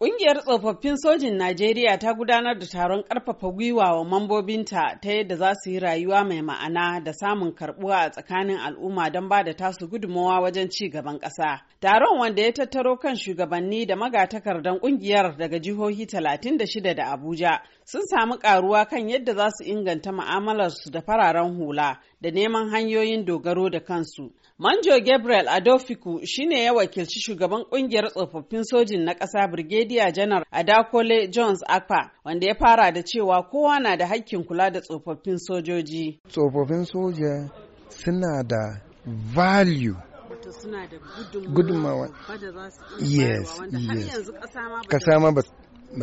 Ƙungiyar tsofaffin sojin Najeriya ta gudanar da taron ƙarfafa gwiwa wa mambobinta ta yadda za su yi rayuwa mai ma'ana da samun karɓuwa a tsakanin al'umma don ba da tasu gudummawa wajen ci gaban ƙasa. Taron wanda ya tattaro kan shugabanni da magatakardan ƙungiyar daga jihohi 36 da Abuja sun samu ƙaruwa kan yadda za su inganta ma'amalarsu da fararen hula da neman hanyoyin dogaro da kansu. Manjo Gabriel Adofiku shine ya wakilci shugaban kungiyar tsofaffin sojin na ƙasa Brigadier Janar Adakole Jones Akpa wanda ya fara da cewa kowa na da hakkin kula da tsofaffin sojoji. Tsofaffin soja suna da value yes yes kasa ma ba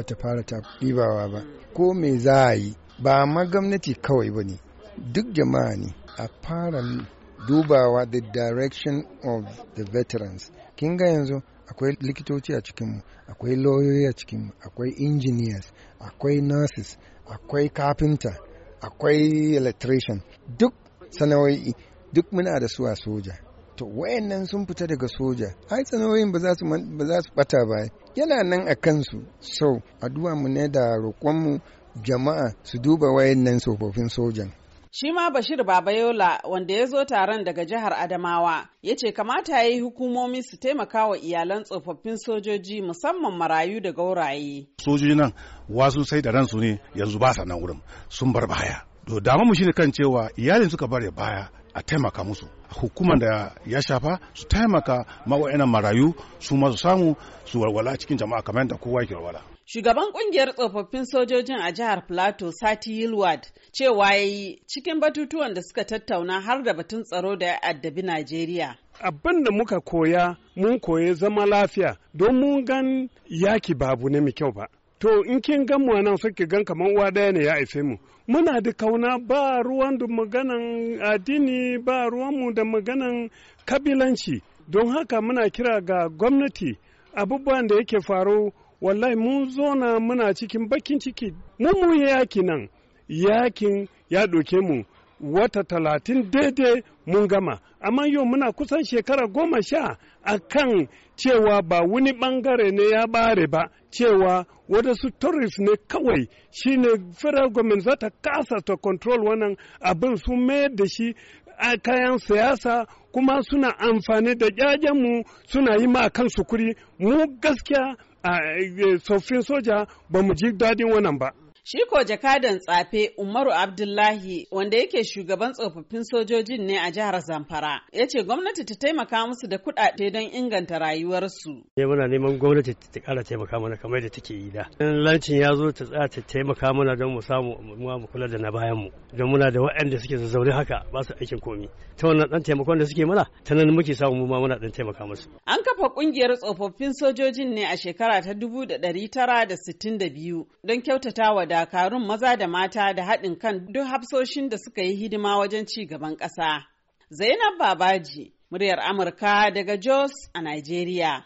ta fara ta ba ko me za a yi ba ma gwamnati kawai ba ne duk jama'a ne a fara dubawa the direction of the veterans kin ga yanzu akwai likitoci a cikinmu akwai lawyoyi a cikinmu akwai engineers akwai nurses akwai carpenter akwai electrician duk sana'o'i duk muna da su a soja to wayannan sun fita daga soja ai sana'o'in ba za su ba za su bata ba yana nan a kansu so addu'a mu ne da roƙon mu jama'a su duba wayannan tsofaffin sojan Shi ma Bashir Babayola wanda ya zo taron daga jihar Adamawa ya ce kamata ya yi hukumomi su taimaka wa iyalan tsofaffin sojoji musamman marayu da gauraye. Sojoji nan wasu sai da ransu ne yanzu ba sa nan wurin sun bar baya. To dama mu shine kan cewa iyalin suka bar baya a taimaka musu hukumar da ya shafa su taimaka mawa'ina marayu su ma su samu su walwala cikin jama'a kamar da kowa yake walwala Shugaban kungiyar tsofaffin sojojin a jihar Plateau Sati Yilward cewa ya yi cikin batutuwan da suka tattauna har da batun tsaro da ya addabi Najeriya. Abin da muka koya mun koye zama lafiya don mun gan yaki babu na kyau ba. To in kin gan mu nan suke gan kamar uwa daya ne ya haife mu. Muna da kauna ba ruwan da maganan addini ba ruwanmu da maganan kabilanci. Don haka muna kira ga gwamnati abubuwan da yake faru wallahi mun zo zona muna cikin bakin ciki mun mu yaki nan yakin ya doke mu wata talatin daidai mun gama amma yau muna kusan shekara goma sha a kan cewa ba wani bangare ne ya bare ba cewa wadansu tourist ne kawai shine federal government za ta kasa ta control wannan abin su mayar da shi a kayan siyasa kuma suna amfani da mu suna yi ma kan sukuri mu gaskiya a eh, eh, tsoffin soja ba mu ji daɗin wannan ba Shi ko jakadan tsafe Umaru Abdullahi wanda yake shugaban tsofaffin sojojin ne a jihar Zamfara ya ce gwamnati ta taimaka musu da kuɗaɗe don inganta rayuwarsu. Ne eh, muna neman gwamnati ta ƙara taimaka mana kamar da take yi da. Lancin ya zo ta tsaya ta taimaka mana don mu samu mu kula da na bayan mu don muna da waɗanda suke zazzaune haka ba su aikin komi. Ta wannan ɗan taimakon da suke mana ta nan muke samu mu ma muna ɗan taimaka musu. An kafa ƙungiyar tsofaffin sojojin ne a shekara ta dubu da da biyu don kyautata wa dakarun maza da mata da haɗin kan duk hafsoshin da suka yi hidima wajen ci gaban ƙasa. Zainab Babaji, muryar Amurka daga Jos a Najeriya.